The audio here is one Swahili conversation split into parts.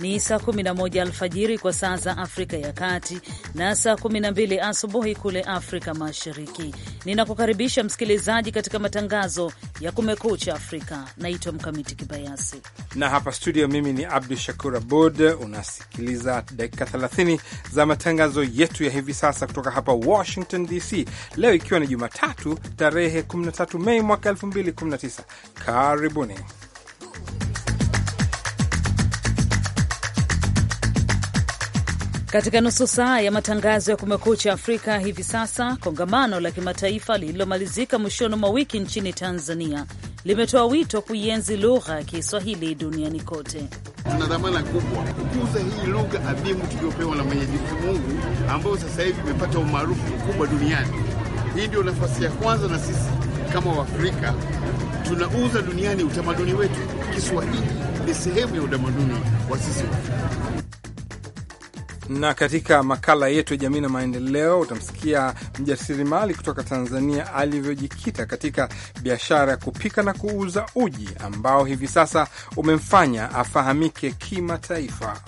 ni saa 11 alfajiri kwa saa za Afrika ya Kati na saa 12 asubuhi kule Afrika Mashariki. Ninakukaribisha msikilizaji katika matangazo ya Kumekucha Afrika. Naitwa Mkamiti Kibayasi na hapa studio mimi ni Abdu Shakur Abud. Unasikiliza dakika 30 za matangazo yetu ya hivi sasa kutoka hapa Washington DC, leo ikiwa ni Jumatatu tarehe 13 Mei mwaka 2019. Karibuni. Katika nusu saa ya matangazo ya Kumekucha Afrika hivi sasa, kongamano la kimataifa lililomalizika mwishoni mwa wiki nchini Tanzania limetoa wito kuienzi lugha ya Kiswahili duniani kote. Tuna dhamana kubwa kukuza hii lugha adhimu tuliyopewa na Mwenyezi Mungu, ambayo sasa hivi imepata umaarufu mkubwa duniani. Hii ndio nafasi ya kwanza, na sisi kama Waafrika tunauza duniani utamaduni wetu. Kiswahili ni sehemu ya utamaduni wa sisi Waafrika. Na katika makala yetu ya jamii na maendeleo utamsikia mjasiriamali kutoka Tanzania alivyojikita katika biashara ya kupika na kuuza uji ambao hivi sasa umemfanya afahamike kimataifa.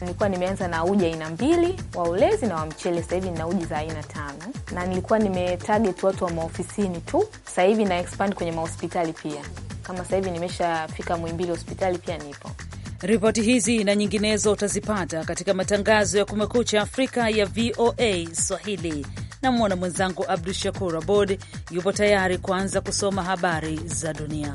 Nilikuwa nimeanza na uji aina mbili wa ulezi na wa mchele. Sasa hivi nina uji za aina tano, na nilikuwa nimetarget watu wa maofisini tu. Sasa hivi na expand kwenye mahospitali pia, kama sasa hivi nimeshafika Muhimbili hospitali pia nipo Ripoti hizi na nyinginezo utazipata katika matangazo ya Kumekucha Afrika ya VOA Swahili. Namwona mwenzangu Abdu Shakur Abod yupo tayari kuanza kusoma habari za dunia.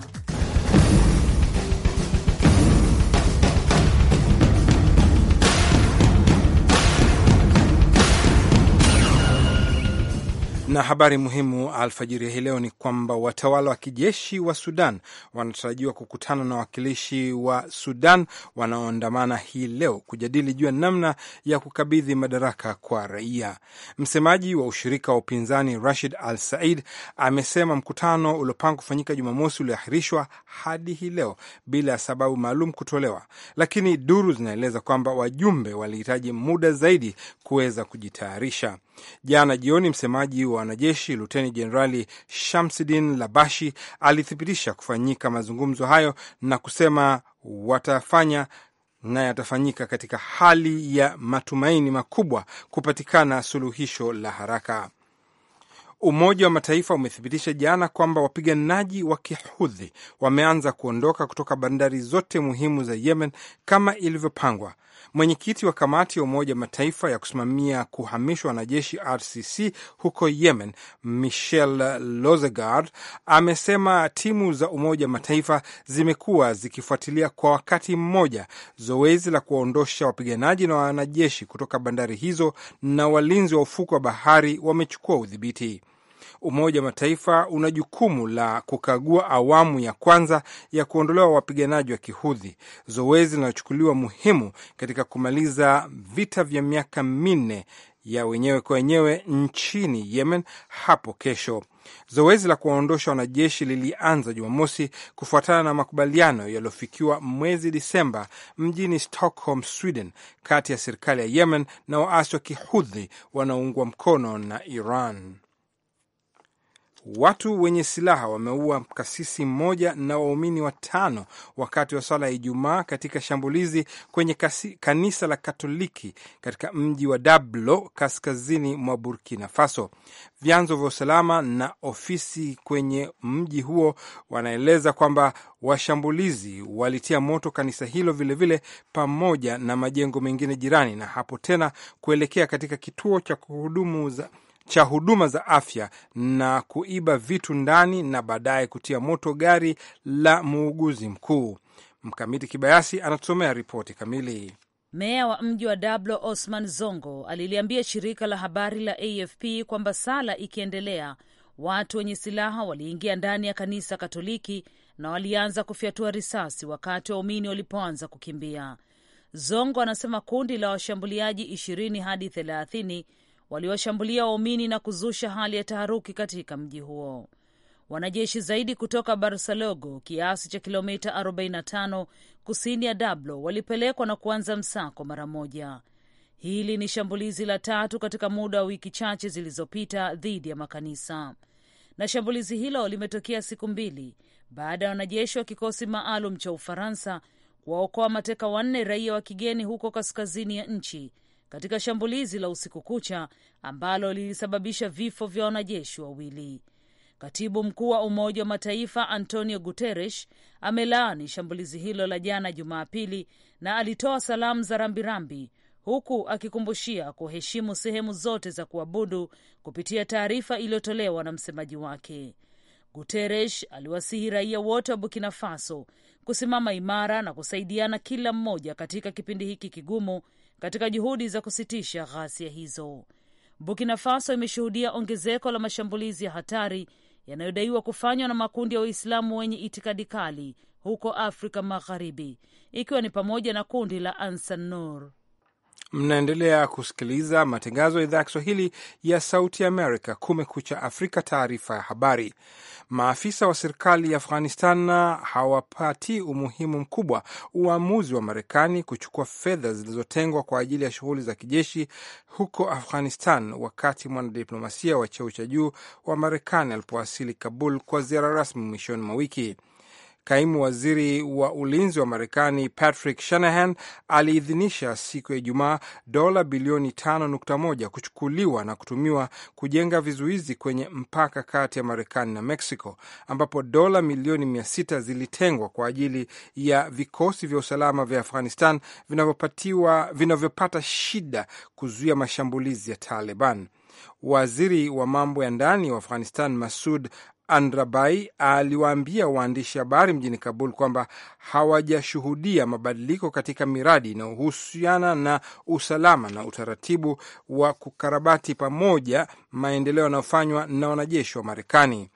Na habari muhimu alfajiri hii leo ni kwamba watawala wa kijeshi wa Sudan wanatarajiwa kukutana na wawakilishi wa Sudan wanaoandamana hii leo kujadili juu ya namna ya kukabidhi madaraka kwa raia. Msemaji wa ushirika wa upinzani Rashid Al Said amesema mkutano uliopangwa kufanyika Jumamosi ulioahirishwa hadi hii leo bila ya sababu maalum kutolewa, lakini duru zinaeleza kwamba wajumbe walihitaji muda zaidi kuweza kujitayarisha. Jana jioni, msemaji wa wanajeshi Luteni Jenerali Shamsidin Labashi alithibitisha kufanyika mazungumzo hayo na kusema watafanya na yatafanyika katika hali ya matumaini makubwa kupatikana suluhisho la haraka. Umoja wa Mataifa umethibitisha jana kwamba wapiganaji wa kihudhi wameanza kuondoka kutoka bandari zote muhimu za Yemen kama ilivyopangwa. Mwenyekiti wa kamati ya Umoja wa Mataifa ya kusimamia kuhamishwa wanajeshi RCC huko Yemen, Michel Losegard, amesema timu za Umoja wa Mataifa zimekuwa zikifuatilia kwa wakati mmoja zoezi la kuwaondosha wapiganaji na wanajeshi kutoka bandari hizo, na walinzi wa ufuko wa bahari wamechukua udhibiti. Umoja wa Mataifa una jukumu la kukagua awamu ya kwanza ya kuondolewa wapiganaji wa Kihudhi, zoezi linalochukuliwa muhimu katika kumaliza vita vya miaka minne ya wenyewe kwa wenyewe nchini Yemen hapo kesho. Zoezi la kuwaondosha wanajeshi lilianza Jumamosi kufuatana na makubaliano yaliyofikiwa mwezi Disemba mjini Stockholm, Sweden, kati ya serikali ya Yemen na waasi wa Kihudhi wanaoungwa mkono na Iran. Watu wenye silaha wameua kasisi mmoja na waumini watano wakati wa swala ya Ijumaa katika shambulizi kwenye kasi, kanisa la Katoliki katika mji wa Dablo kaskazini mwa Burkina Faso. Vyanzo vya usalama na ofisi kwenye mji huo wanaeleza kwamba washambulizi walitia moto kanisa hilo vilevile vile, pamoja na majengo mengine jirani, na hapo tena kuelekea katika kituo cha kuhudumu za cha huduma za afya na kuiba vitu ndani na baadaye kutia moto gari la muuguzi mkuu. Mkamiti Kibayasi anatusomea ripoti kamili. Meya wa mji wa Dablo Osman Zongo aliliambia shirika la habari la AFP kwamba sala ikiendelea, watu wenye silaha waliingia ndani ya kanisa Katoliki na walianza kufyatua risasi wakati waumini walipoanza kukimbia. Zongo anasema kundi la washambuliaji ishirini hadi thelathini waliwashambulia waumini na kuzusha hali ya taharuki katika mji huo. Wanajeshi zaidi kutoka barselogo kiasi cha kilomita 45 kusini ya Dablo, walipelekwa na kuanza msako mara moja. Hili ni shambulizi la tatu katika muda wa wiki chache zilizopita dhidi ya makanisa, na shambulizi hilo limetokea siku mbili baada ya wanajeshi wa kikosi maalum cha Ufaransa kuwaokoa mateka wanne raia wa kigeni huko kaskazini ya nchi katika shambulizi la usiku kucha ambalo lilisababisha vifo vya wanajeshi wawili. Katibu mkuu wa Umoja wa Mataifa Antonio Guterres amelaani shambulizi hilo la jana Jumapili na alitoa salamu za rambirambi huku akikumbushia kuheshimu sehemu zote za kuabudu kupitia taarifa iliyotolewa na msemaji wake. Guterres aliwasihi raia wote wa Burkina Faso kusimama imara na kusaidiana kila mmoja katika kipindi hiki kigumu katika juhudi za kusitisha ghasia hizo. Burkina Faso imeshuhudia ongezeko la mashambulizi ya hatari yanayodaiwa kufanywa na makundi ya Waislamu wenye itikadi kali huko Afrika Magharibi, ikiwa ni pamoja na kundi la Ansar Nur. Mnaendelea kusikiliza matangazo ya idhaa ya Kiswahili ya Sauti Amerika, Kumekucha Afrika, taarifa ya habari. Maafisa wa serikali ya Afghanistan hawapati umuhimu mkubwa uamuzi wa Marekani kuchukua fedha zilizotengwa kwa ajili ya shughuli za kijeshi huko Afghanistan, wakati mwanadiplomasia wa cheo cha juu wa Marekani alipowasili Kabul kwa ziara rasmi mwishoni mwa wiki. Kaimu waziri wa ulinzi wa Marekani Patrick Shanahan aliidhinisha siku ya Ijumaa dola bilioni 5.1 kuchukuliwa na kutumiwa kujenga vizuizi kwenye mpaka kati ya Marekani na Mexico, ambapo dola milioni 600 zilitengwa kwa ajili ya vikosi vya usalama vya Afghanistan vinavyopatiwa vinavyopata shida kuzuia mashambulizi ya Taliban. Waziri wa mambo ya ndani wa Afghanistan Masud Andrabai aliwaambia waandishi habari mjini Kabul kwamba hawajashuhudia mabadiliko katika miradi inayohusiana na usalama na utaratibu wa kukarabati pamoja maendeleo yanayofanywa na wanajeshi wa Marekani.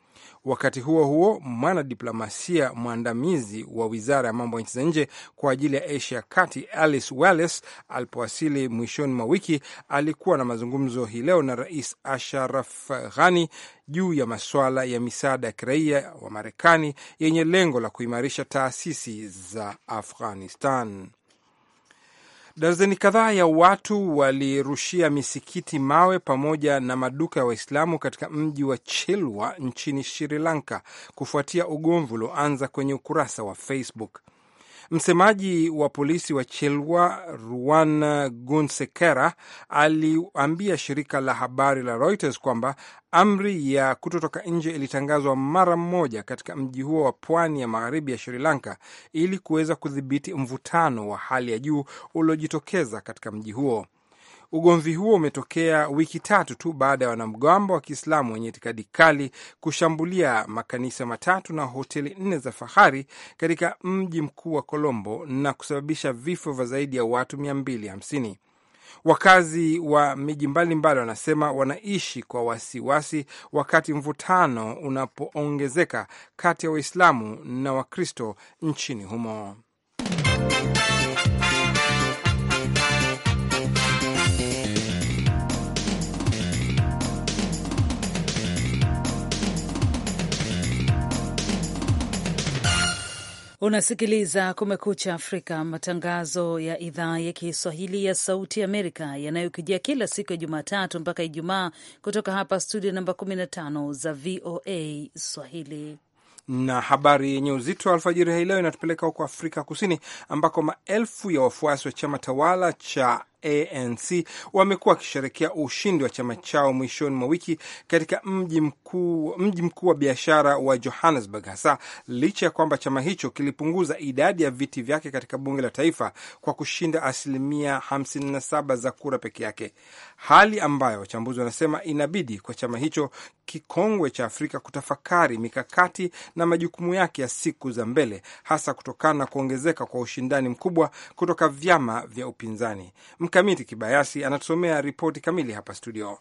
Wakati huo huo, mwanadiplomasia mwandamizi wa wizara ya mambo ya nchi za nje kwa ajili ya Asia Kati, Alice Wales, alipowasili mwishoni mwa wiki, alikuwa na mazungumzo hii leo na Rais Ashraf Ghani juu ya masuala ya misaada ya kiraia wa Marekani yenye lengo la kuimarisha taasisi za Afghanistan. Darzeni kadhaa ya watu walirushia misikiti mawe pamoja na maduka ya wa Waislamu katika mji wa Chilwa nchini Sri Lanka kufuatia ugomvi ulioanza kwenye ukurasa wa Facebook. Msemaji wa polisi wa Chilwa, Ruan Gunsekera, aliambia shirika la habari la Reuters kwamba amri ya kutotoka nje ilitangazwa mara moja katika mji huo wa pwani ya magharibi ya Sri Lanka ili kuweza kudhibiti mvutano wa hali ya juu uliojitokeza katika mji huo. Ugomvi huo umetokea wiki tatu tu baada ya wanamgambo wa Kiislamu wenye itikadi kali kushambulia makanisa matatu na hoteli nne za fahari katika mji mkuu wa Colombo na kusababisha vifo vya zaidi ya watu 250. Wakazi wa miji mbalimbali wanasema wanaishi kwa wasiwasi wakati mvutano unapoongezeka kati ya Waislamu na Wakristo nchini humo. Unasikiliza Kumekucha Afrika, matangazo ya idhaa ya Kiswahili ya Sauti Amerika yanayokujia kila siku ya Jumatatu mpaka Ijumaa kutoka hapa studio namba 15 za VOA Swahili na habari yenye uzito wa alfajiri hii leo inatupeleka huko Afrika Kusini, ambako maelfu ya wafuasi wa chama tawala cha ANC wamekuwa wakisherekea ushindi wa chama chao mwishoni mwa wiki katika mji mkuu mji mkuu wa biashara wa Johannesburg, hasa licha ya kwamba chama hicho kilipunguza idadi ya viti vyake katika bunge la taifa kwa kushinda asilimia 57 za kura peke yake, hali ambayo wachambuzi wanasema inabidi kwa chama hicho kikongwe cha Afrika kutafakari mikakati na majukumu yake ya siku za mbele, hasa kutokana na kuongezeka kwa ushindani mkubwa kutoka vyama vya upinzani. Mkamiti Kibayasi anatusomea ripoti kamili hapa studio.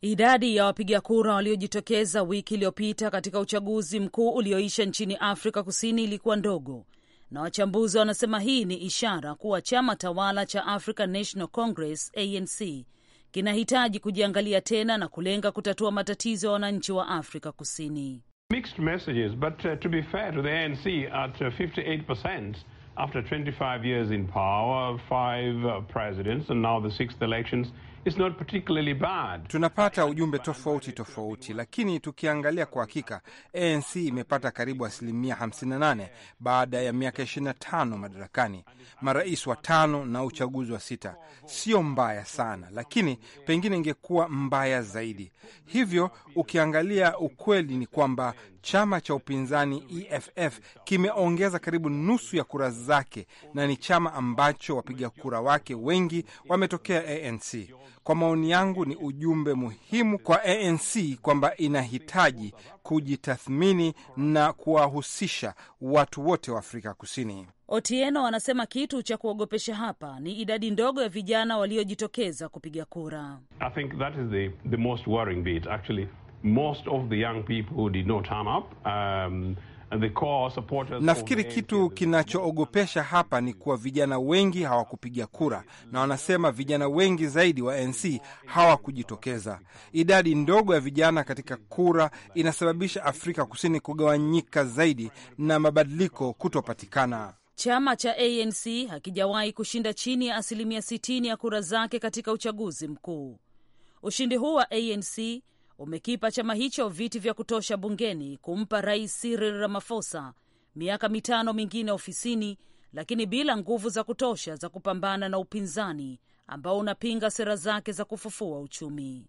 Idadi ya wapiga kura waliojitokeza wiki iliyopita katika uchaguzi mkuu ulioisha nchini Afrika Kusini ilikuwa ndogo, na wachambuzi wanasema hii ni ishara kuwa chama tawala cha African National Congress ANC kinahitaji kujiangalia tena na kulenga kutatua matatizo ya wananchi wa Afrika Kusini. Mixed messages, but, uh, to be fair to the ANC at, 58%. Uh, after 25 years in power, five uh, presidents and now the sixth elections, it's not particularly bad. Tunapata ujumbe tofauti tofauti, lakini tukiangalia kwa hakika, ANC imepata karibu asilimia 58 baada ya miaka 25 madarakani, marais tano na uchaguzi wa sita. Sio mbaya sana, lakini pengine ingekuwa mbaya zaidi. Hivyo ukiangalia, ukweli ni kwamba chama cha upinzani EFF kimeongeza karibu nusu ya kura zake na ni chama ambacho wapiga kura wake wengi wametokea ANC. Kwa maoni yangu, ni ujumbe muhimu kwa ANC kwamba inahitaji kujitathmini na kuwahusisha watu wote wa Afrika Kusini. Otieno anasema kitu cha kuogopesha hapa ni idadi ndogo ya vijana waliojitokeza kupiga kura. Most of the young people did not turn up. Um, Nafikiri kitu kinachoogopesha hapa ni kuwa vijana wengi hawakupiga kura, na wanasema vijana wengi zaidi wa NC hawakujitokeza. Idadi ndogo ya vijana katika kura inasababisha Afrika Kusini kugawanyika zaidi na mabadiliko kutopatikana. Chama cha ANC hakijawahi kushinda chini ya asilimia 60 ya kura zake katika uchaguzi mkuu. Ushindi huu wa ANC umekipa chama hicho viti vya kutosha bungeni kumpa Rais Cyril Ramaphosa miaka mitano mingine ofisini, lakini bila nguvu za kutosha za kupambana na upinzani ambao unapinga sera zake za kufufua uchumi.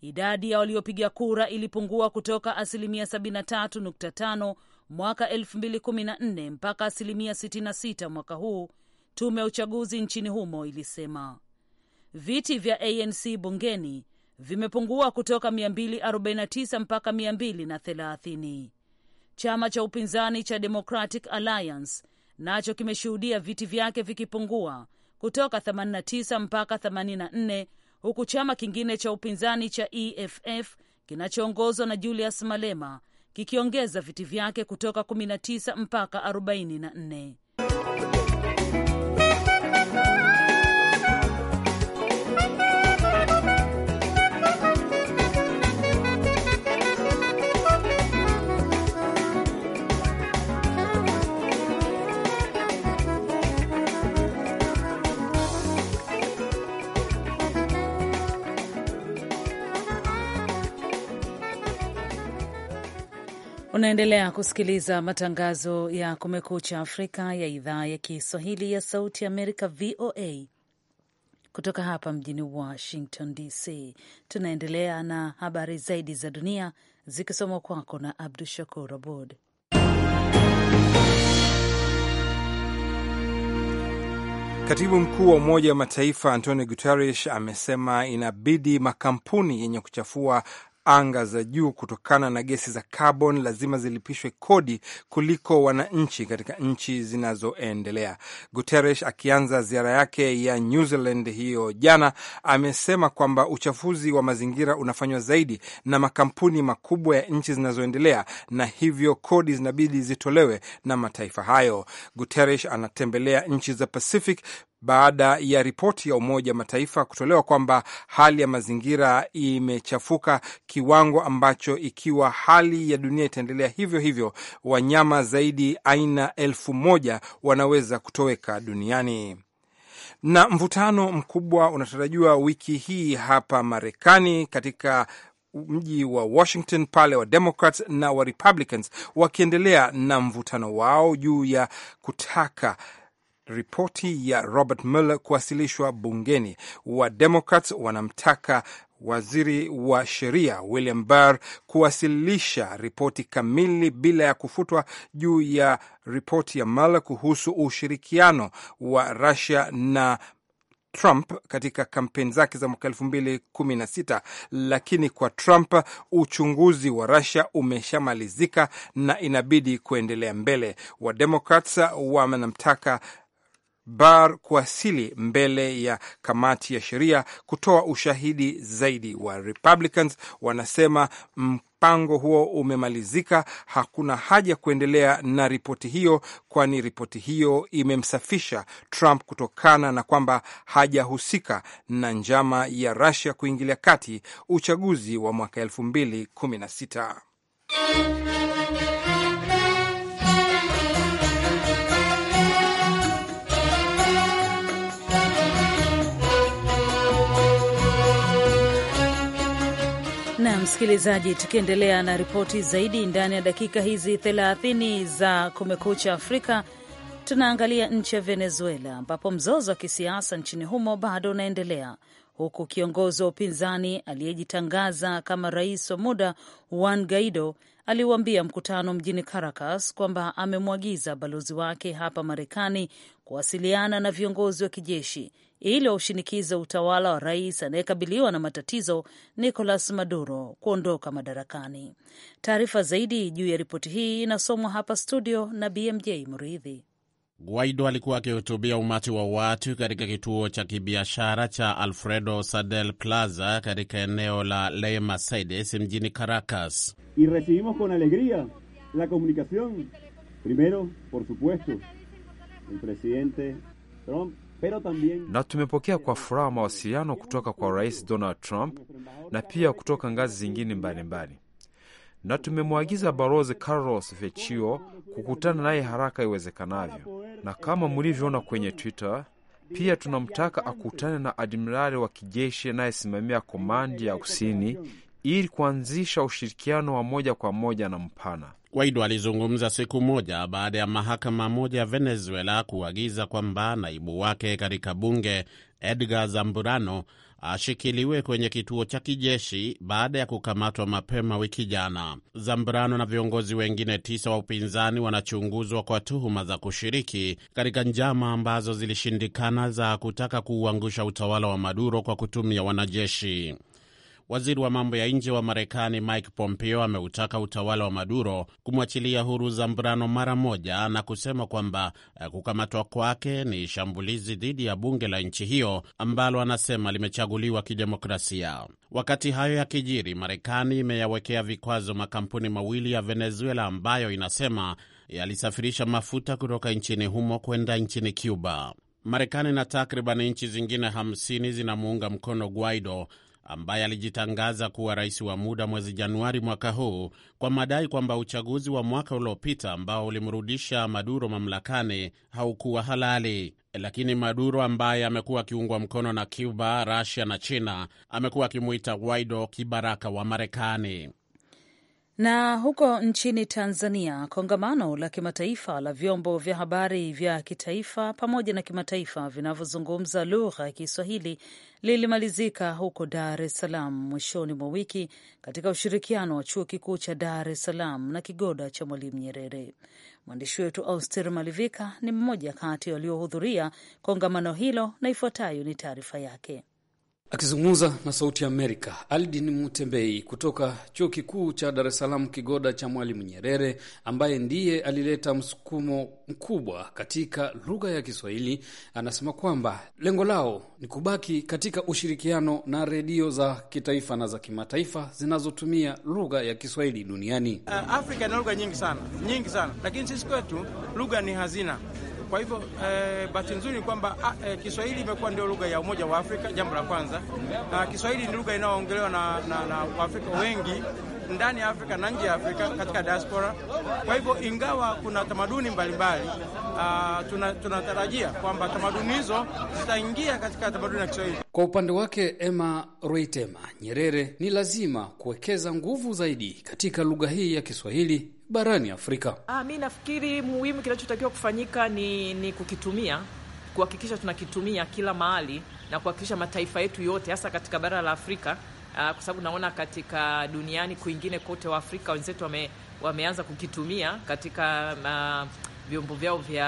Idadi ya waliopiga kura ilipungua kutoka asilimia 73.5 mwaka 2014 mpaka asilimia 66 mwaka huu, tume ya uchaguzi nchini humo ilisema. Viti vya ANC bungeni vimepungua kutoka 249 mpaka 230. Chama cha upinzani cha Democratic Alliance nacho kimeshuhudia viti vyake vikipungua kutoka 89 mpaka 84, huku chama kingine cha upinzani cha EFF kinachoongozwa na Julius Malema kikiongeza viti vyake kutoka 19 mpaka 44. Unaendelea kusikiliza matangazo ya Kumekucha Afrika ya idhaa ya Kiswahili ya Sauti Amerika, VOA, kutoka hapa mjini Washington DC. Tunaendelea na habari zaidi za dunia zikisomwa kwako na Abdu Shakur Abod. Katibu mkuu wa Umoja wa Mataifa Antonio Guterres amesema inabidi makampuni yenye kuchafua anga za juu kutokana na gesi za carbon lazima zilipishwe kodi kuliko wananchi katika nchi zinazoendelea. Guterres akianza ziara yake ya New Zealand hiyo jana, amesema kwamba uchafuzi wa mazingira unafanywa zaidi na makampuni makubwa ya nchi zinazoendelea na hivyo kodi zinabidi zitolewe na mataifa hayo. Guterres anatembelea nchi za Pacific baada ya ripoti ya Umoja Mataifa kutolewa kwamba hali ya mazingira imechafuka kiwango ambacho ikiwa hali ya dunia itaendelea hivyo hivyo, wanyama zaidi aina elfu moja wanaweza kutoweka duniani. Na mvutano mkubwa unatarajiwa wiki hii hapa Marekani katika mji wa Washington pale wa Democrats na wa Republicans wakiendelea na mvutano wao juu ya kutaka ripoti ya Robert Mueller kuwasilishwa bungeni. wademokrat wanamtaka waziri wa sheria William Barr kuwasilisha ripoti kamili bila ya kufutwa juu ya ripoti ya Mueller kuhusu ushirikiano wa Russia na Trump katika kampeni zake za mwaka elfu mbili kumi na sita, lakini kwa Trump uchunguzi wa Russia umeshamalizika na inabidi kuendelea mbele. Wademokrats wanamtaka Bar kuwasili mbele ya kamati ya sheria kutoa ushahidi zaidi. Wa Republicans wanasema mpango huo umemalizika, hakuna haja kuendelea na ripoti hiyo, kwani ripoti hiyo imemsafisha Trump kutokana na kwamba hajahusika na njama ya Russia kuingilia kati uchaguzi wa mwaka 2016. msikilizaji, tukiendelea na ripoti zaidi ndani ya dakika hizi 30 za Kumekucha Afrika, tunaangalia nchi ya Venezuela ambapo mzozo wa kisiasa nchini humo bado unaendelea huku kiongozi wa upinzani aliyejitangaza kama rais wa muda Juan Guaido aliuambia mkutano mjini Caracas kwamba amemwagiza balozi wake hapa Marekani kuwasiliana na viongozi wa kijeshi ili waushinikize utawala wa rais anayekabiliwa na matatizo Nicolas Maduro kuondoka madarakani. Taarifa zaidi juu ya ripoti hii inasomwa hapa studio na BMJ Mridhi. Guaido alikuwa akihutubia umati wa watu katika kituo cha kibiashara cha Alfredo Sadel Plaza katika eneo la Ley Mercedes mjini Caracas. y recibimos con la comunicacion primero por supuesto el presidente Trump na tumepokea kwa furaha mawasiliano kutoka kwa Rais Donald Trump na pia kutoka ngazi zingine mbalimbali, na tumemwagiza Balozi Carlos Vecchio kukutana naye haraka iwezekanavyo, na kama mlivyoona kwenye Twitter pia tunamtaka akutane na admirali wa kijeshi anayesimamia komandi ya kusini ili kuanzisha ushirikiano wa moja kwa moja na mpana. Guaido alizungumza siku moja baada ya mahakama moja ya Venezuela kuagiza kwamba naibu wake katika bunge Edgar zamburano ashikiliwe kwenye kituo cha kijeshi baada ya kukamatwa mapema wiki jana. Zambrano na viongozi wengine tisa wa upinzani wanachunguzwa kwa tuhuma za kushiriki katika njama ambazo zilishindikana za kutaka kuuangusha utawala wa Maduro kwa kutumia wanajeshi. Waziri wa mambo ya nje wa Marekani Mike Pompeo ameutaka utawala wa Maduro kumwachilia huru Zambrano mara moja na kusema kwamba eh, kukamatwa kwake ni shambulizi dhidi ya bunge la nchi hiyo ambalo anasema limechaguliwa kidemokrasia. Wakati hayo yakijiri, Marekani imeyawekea vikwazo makampuni mawili ya Venezuela ambayo inasema yalisafirisha mafuta kutoka nchini humo kwenda nchini Cuba. Marekani na takriban nchi zingine 50 zinamuunga mkono Guaido ambaye alijitangaza kuwa rais wa muda mwezi Januari mwaka huu kwa madai kwamba uchaguzi wa mwaka uliopita ambao ulimrudisha Maduro mamlakani haukuwa halali. Lakini Maduro ambaye amekuwa akiungwa mkono na Cuba, rasia na China amekuwa akimuita Guaido kibaraka wa Marekani. Na huko nchini Tanzania, kongamano la kimataifa la vyombo vya habari vya kitaifa pamoja na kimataifa vinavyozungumza lugha ya Kiswahili lilimalizika huko Dar es Salaam mwishoni mwa wiki katika ushirikiano wa chuo kikuu cha Dar es Salaam na kigoda cha Mwalimu Nyerere. Mwandishi wetu Auster Malivika ni mmoja kati waliohudhuria kongamano hilo na ifuatayo ni taarifa yake. Akizungumza na Sauti Amerika, Aldin Mutembei kutoka chuo kikuu cha Dar es Salaam kigoda cha Mwalimu Nyerere, ambaye ndiye alileta msukumo mkubwa katika lugha ya Kiswahili, anasema kwamba lengo lao ni kubaki katika ushirikiano na redio za kitaifa na za kimataifa zinazotumia lugha ya Kiswahili duniani. Uh, Afrika ina lugha nyingi sana, nyingi sana, lakini sisi kwetu lugha ni hazina kwa hivyo eh, bahati nzuri ni kwamba ah, eh, Kiswahili imekuwa ndio lugha ya umoja wa Afrika, jambo la kwanza na Kiswahili ni lugha inayoongelewa na, na, na Waafrika wengi ndani ya Afrika na nje ya Afrika katika diaspora. Kwa hivyo ingawa kuna tamaduni mbalimbali mbali, ah, tunatarajia tuna kwamba tamaduni hizo zitaingia katika tamaduni ya Kiswahili. Kwa upande wake Emma Roitema Nyerere, ni lazima kuwekeza nguvu zaidi katika lugha hii ya Kiswahili barani Afrika. Ah, mi nafikiri muhimu kinachotakiwa kufanyika ni, ni kukitumia kuhakikisha tunakitumia kila mahali na kuhakikisha mataifa yetu yote hasa katika bara la Afrika uh, kwa sababu naona katika duniani kwingine kote wa Afrika wenzetu wame, wameanza kukitumia katika uh, vyombo vyao vya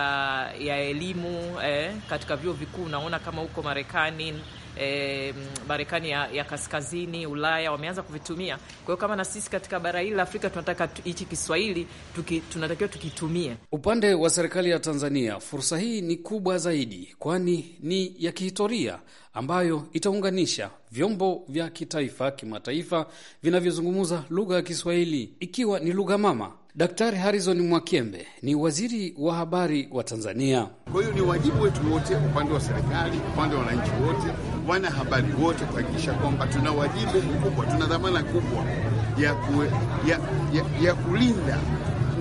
ya elimu eh, katika vyuo vikuu. Naona kama huko Marekani eh, Marekani ya, ya kaskazini, Ulaya wameanza kuvitumia. Kwa hiyo kama na sisi katika bara hili la Afrika tunataka hichi Kiswahili tuki, tunatakiwa tukitumie. Upande wa serikali ya Tanzania, fursa hii ni kubwa zaidi, kwani ni ya kihistoria ambayo itaunganisha vyombo vya kitaifa, kimataifa vinavyozungumza lugha ya Kiswahili ikiwa ni lugha mama. Daktari Harrison Mwakembe ni waziri wa habari wa Tanzania. Kwa hiyo ni wajibu wetu wote, upande wa serikali, upande wa wananchi wote wanahabari wote kuhakikisha kwamba tuna wajibu mkubwa, tuna dhamana kubwa ya, kue, ya, ya, ya kulinda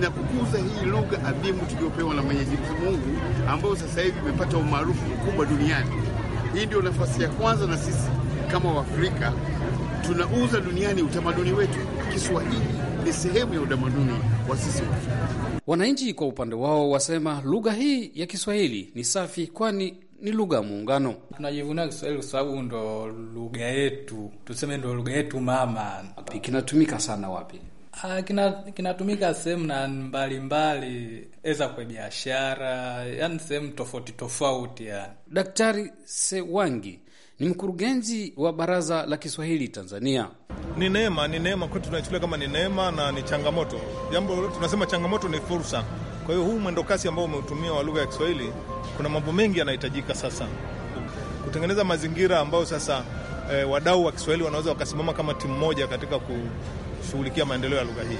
na kukuza hii lugha adhimu tuliyopewa na Mwenyezi Mungu ambayo sasa hivi imepata umaarufu mkubwa duniani. Hii ndio nafasi ya kwanza, na sisi kama Waafrika tunauza duniani utamaduni wetu. Kiswahili ni sehemu ya utamaduni wa sisi Waafrika. Wananchi kwa upande wao wasema lugha hii ya Kiswahili ni safi, kwani ni lugha ya muungano. Tunajivunia Kiswahili kwa sababu ndo lugha yetu, tuseme ndo lugha yetu mama. Kinatumika sana wapi? Ah, kina, kinatumika sehemu na mbalimbali, eza kwa biashara, yani sehemu tofauti tofauti. ya. Daktari Sewangi ni mkurugenzi wa Baraza la Kiswahili Tanzania. Ni neema, ni neema kwetu, tunaichukulia kama ni neema na ni changamoto. Jambo tunasema changamoto ni fursa kwa hiyo huu mwendokasi ambao umeutumia wa lugha ya Kiswahili, kuna mambo mengi yanahitajika sasa kutengeneza mazingira ambayo sasa e, wadau wa Kiswahili wanaweza wakasimama kama timu moja katika kushughulikia maendeleo ya lugha hii.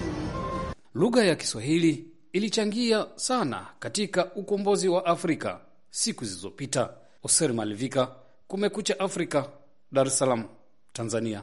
Lugha ya Kiswahili ilichangia sana katika ukombozi wa Afrika siku zilizopita. Oser Malivika, Kumekucha Afrika, Dar es Salaam, Tanzania.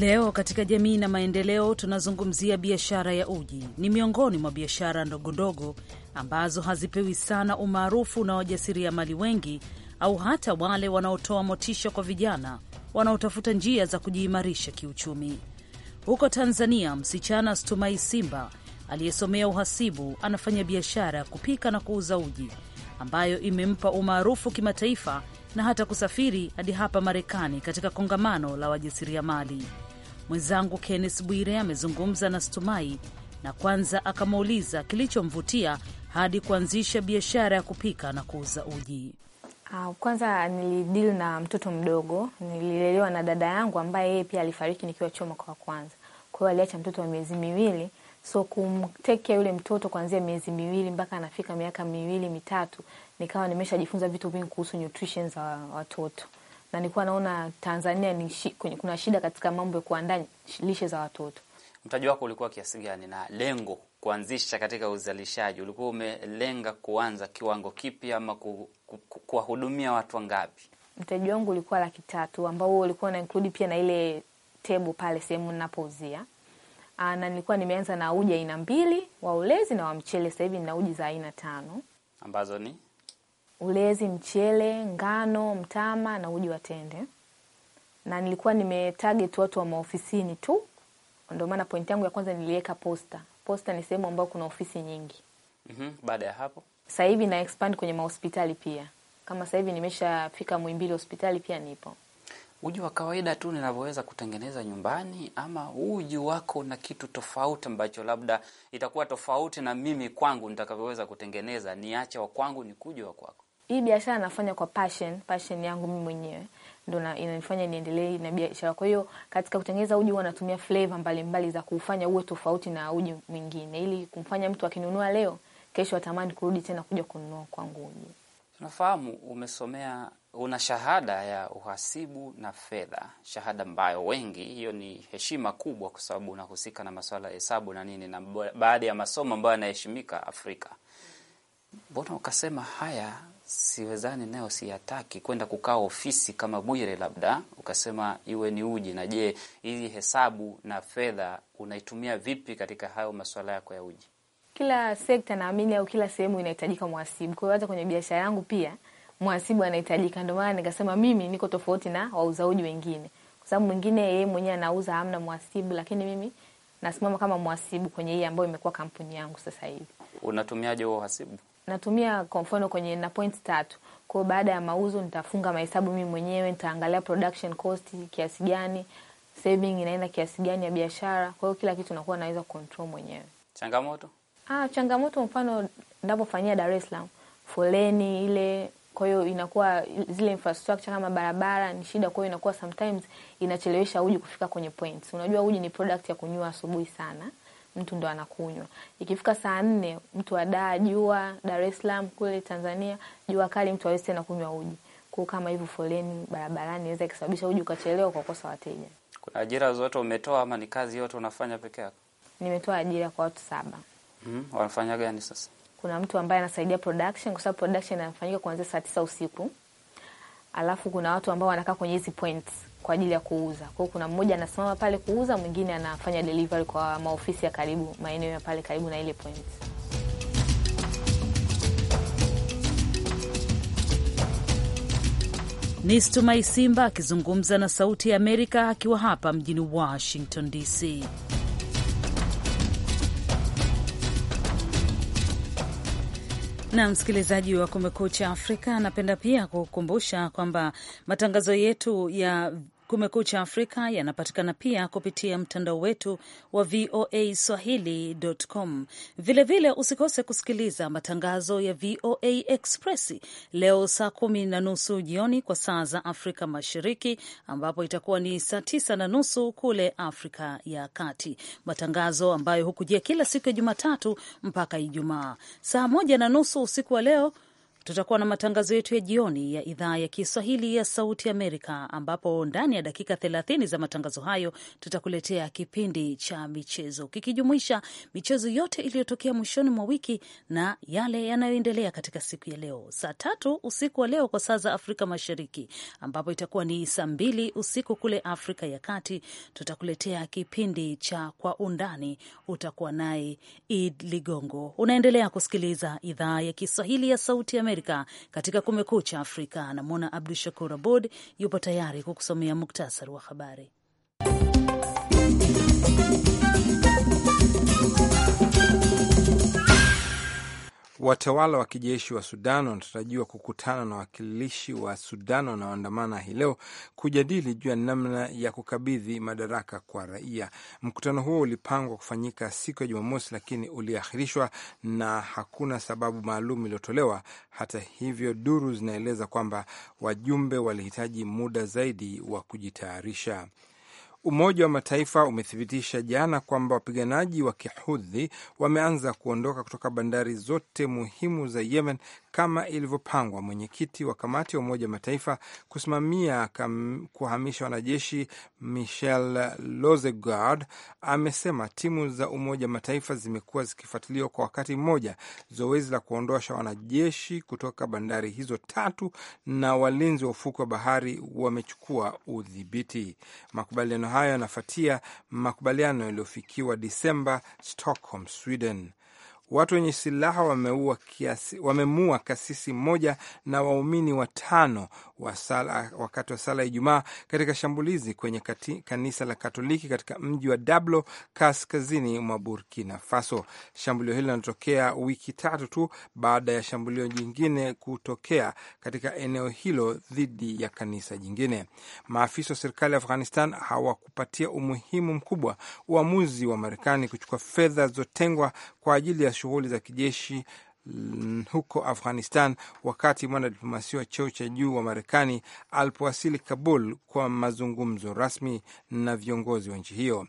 Leo katika jamii na maendeleo tunazungumzia biashara ya uji. Ni miongoni mwa biashara ndogondogo ambazo hazipewi sana umaarufu na wajasiriamali wengi au hata wale wanaotoa motisha kwa vijana wanaotafuta njia za kujiimarisha kiuchumi. Huko Tanzania, msichana Stumai Simba aliyesomea uhasibu anafanya biashara ya kupika na kuuza uji ambayo imempa umaarufu kimataifa na hata kusafiri hadi hapa Marekani katika kongamano la wajasiriamali. Mwenzangu Kennes Bwire amezungumza na Stumai na kwanza akamuuliza kilichomvutia hadi kuanzisha biashara ya kupika na kuuza uji. Ah, kwanza nilidili na mtoto mdogo, nililelewa na dada yangu ambaye yeye pia alifariki nikiwa choma kwa wa kwanza. Kwa hiyo aliacha mtoto wa miezi miwili, so kumtekea yule mtoto kuanzia miezi miwili mpaka anafika miaka miwili mitatu, nikawa nimeshajifunza vitu vingi kuhusu nutrition za watoto na nilikuwa naona Tanzania ni shi, kuna shida katika mambo ya kuandaa lishe za watoto. Mtaji wako ulikuwa kiasi gani na lengo kuanzisha katika uzalishaji, ulikuwa umelenga kuanza kiwango kipi ama ku, ku, ku, kuwahudumia watu wangapi? Mtaji wangu ulikuwa laki tatu ambao ulikuwa na include pia na ile tebo pale sehemu ninapouzia ah, na nilikuwa nimeanza na uji aina mbili wa ulezi na wa mchele. Sasa hivi nina uji za aina tano ambazo ni ulezi, mchele, ngano, mtama na uji wa tende, na nilikuwa nimetarget watu wa maofisini tu. Ndio maana pointi yangu ya kwanza niliweka posta. Posta ni sehemu ambayo kuna ofisi nyingi. mm -hmm. Baada ya hapo, sasa hivi na expand kwenye mahospitali pia, kama sasa hivi nimeshafika Muhimbili hospitali pia nipo. Uji wa kawaida tu ninavyoweza kutengeneza nyumbani, ama uji wako na kitu tofauti ambacho labda itakuwa tofauti na mimi kwangu nitakavyoweza kutengeneza, niache wa kwangu nikuje wa kwako? hii biashara nafanya kwa passion, passion yangu mimi mwenyewe ndo inanifanya niendelee na biashara. Kwa hiyo katika kutengeneza uji huwa flavor mbalimbali za kuufanya uwe tofauti na uji mwingine, ili kumfanya mtu akinunua leo, kesho atamani kurudi tena kuja kununua kwangu uji. Tunafahamu umesomea, una shahada ya uhasibu na fedha, shahada ambayo wengi, hiyo ni heshima kubwa, kwa sababu unahusika na masuala ya hesabu na nini, na baadhi ya masomo ambayo yanaheshimika Afrika. Mbona ukasema haya siwezani nayo, siyataki kwenda kukaa ofisi kama Bwire, labda ukasema iwe ni uji na. Je, hii hesabu na fedha unaitumia vipi katika hayo masuala yako ya uji? Kila sekta naamini, au kila sehemu inahitajika mhasibu. Kwa hiyo hata kwenye biashara yangu pia mhasibu anahitajika. Ndio maana nikasema mimi niko tofauti na wauzaji wengine, kwa sababu mwingine yeye mwenyewe anauza amna mhasibu, lakini mimi nasimama kama mhasibu kwenye hii ambayo imekuwa kampuni yangu sasa hivi. Unatumiaje huo uhasibu? natumia kwa mfano kwenye na point tatu kwao, baada ya mauzo nitafunga mahesabu mimi mwenyewe, nitaangalia production cost kiasi gani, saving inaenda kiasi gani ya biashara. Kwa hiyo kila kitu nakuwa naweza control mwenyewe. Changamoto ah, changamoto mfano ninapofanyia Dar es Salaam, foleni ile kwa hiyo inakuwa zile infrastructure kama barabara ni shida, kwa hiyo inakuwa sometimes inachelewesha uji kufika kwenye points. Unajua uji ni product ya kunywa asubuhi sana mtu ndo anakunywa. Ikifika saa nne mtu adaa jua, Dar es Salaam kule Tanzania jua kali, mtu awezi tena kunywa uji. Kwa kama hivyo, foleni barabarani inaweza ikasababisha uji ukachelewa kwa kosa wateja. Kuna ajira zote umetoa ama ni kazi yote unafanya peke yako? Nimetoa ajira kwa watu saba. Mm, wanafanya gani sasa? Kuna mtu ambaye anasaidia production kwa sababu production inafanyika kuanzia saa tisa usiku. Alafu kuna watu ambao wanakaa kwenye hizi points kwa ajili ya kuuza. Kwa hiyo kuna mmoja anasimama pale kuuza, mwingine anafanya delivery kwa maofisi ya karibu, maeneo ya pale karibu na ile point. Ni Stumai Simba akizungumza na Sauti ya Amerika akiwa hapa mjini Washington DC. na msikilizaji wa Kumekucha Afrika, anapenda pia kukumbusha kwamba matangazo yetu ya Kumekucha Afrika yanapatikana pia kupitia mtandao wetu wa VOA Swahili.com. Vilevile usikose kusikiliza matangazo ya VOA Express leo saa kumi na nusu jioni kwa saa za Afrika Mashariki, ambapo itakuwa ni saa tisa na nusu kule Afrika ya Kati, matangazo ambayo hukujia kila siku ya Jumatatu mpaka Ijumaa saa moja na nusu usiku wa leo tutakuwa na matangazo yetu ya jioni ya idhaa ya Kiswahili ya Sauti Amerika, ambapo ndani ya dakika 30 za matangazo hayo tutakuletea kipindi cha michezo kikijumuisha michezo yote iliyotokea mwishoni mwa wiki na yale yanayoendelea katika siku ya leo, saa tatu usiku wa leo kwa saa za Afrika Mashariki, ambapo itakuwa ni saa mbili usiku kule Afrika ya Kati. Tutakuletea kipindi cha Kwa Undani, utakuwa naye Id Ligongo. Unaendelea kusikiliza idhaa ya Kiswahili ya Sauti Amerika Amerika katika Kumekucha Afrika. Namwona Abdu Shakur Abod yupo tayari kukusomea muktasari wa habari. Watawala wa kijeshi wa Sudan wanatarajiwa kukutana na wawakilishi wa Sudan wanaoandamana hii leo kujadili juu ya namna ya kukabidhi madaraka kwa raia. Mkutano huo ulipangwa kufanyika siku ya Jumamosi, lakini uliahirishwa na hakuna sababu maalum iliyotolewa. Hata hivyo, duru zinaeleza kwamba wajumbe walihitaji muda zaidi wa kujitayarisha. Umoja wa Mataifa umethibitisha jana kwamba wapiganaji wa kihudhi wameanza kuondoka kutoka bandari zote muhimu za Yemen kama ilivyopangwa. Mwenyekiti wa kamati ya Umoja Mataifa kusimamia kuhamisha wanajeshi Michel Losegard amesema timu za Umoja Mataifa zimekuwa zikifuatiliwa kwa wakati mmoja zoezi la kuondosha wanajeshi kutoka bandari hizo tatu, na walinzi wa ufuko wa bahari wamechukua udhibiti. Makubaliano hayo yanafuatia makubaliano yaliyofikiwa Disemba, Stockholm, Sweden. Watu wenye silaha wameua kiasi, wamemua kasisi mmoja na waumini watano wa sala, wakati wa sala ya Ijumaa katika shambulizi kwenye kati, kanisa la Katoliki katika mji wa Dablo kaskazini mwa Burkina Faso. Shambulio hilo linatokea wiki tatu tu baada ya shambulio jingine kutokea katika eneo hilo dhidi ya kanisa jingine. Maafisa wa serikali ya Afghanistan hawakupatia umuhimu mkubwa uamuzi wa Marekani kuchukua fedha zilizotengwa kwa ajili ya shughuli za kijeshi mm, huko Afghanistan wakati mwanadiplomasia wa cheo cha juu wa Marekani alipowasili Kabul kwa mazungumzo rasmi na viongozi wa nchi hiyo.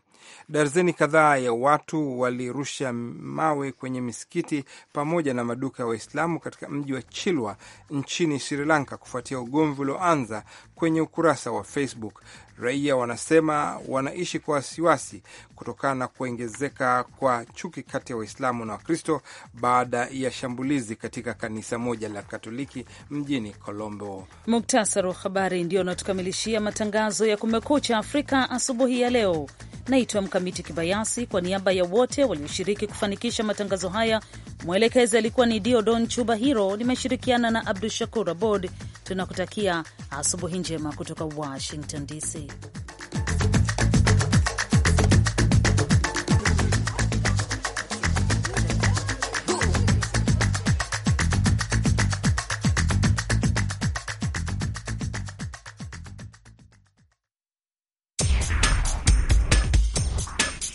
Darzeni kadhaa ya watu walirusha mawe kwenye misikiti pamoja na maduka ya Waislamu katika mji wa Chilwa nchini Sri Lanka kufuatia ugomvi ulioanza kwenye ukurasa wa Facebook. Raia wanasema wanaishi kwa wasiwasi kutokana na kuongezeka kwa chuki kati ya Waislamu na Wakristo baada ya shambulizi katika kanisa moja la Katoliki mjini Colombo. Muktasari wa habari ndio unatukamilishia matangazo ya Kumekucha Afrika asubuhi ya leo na Naitwa Mkamiti Kibayasi, kwa niaba ya wote walioshiriki kufanikisha matangazo haya. Mwelekezi alikuwa ni Diodon Chuba Hiro, nimeshirikiana na Abdu Shakur Abod. Tunakutakia asubuhi njema kutoka Washington DC.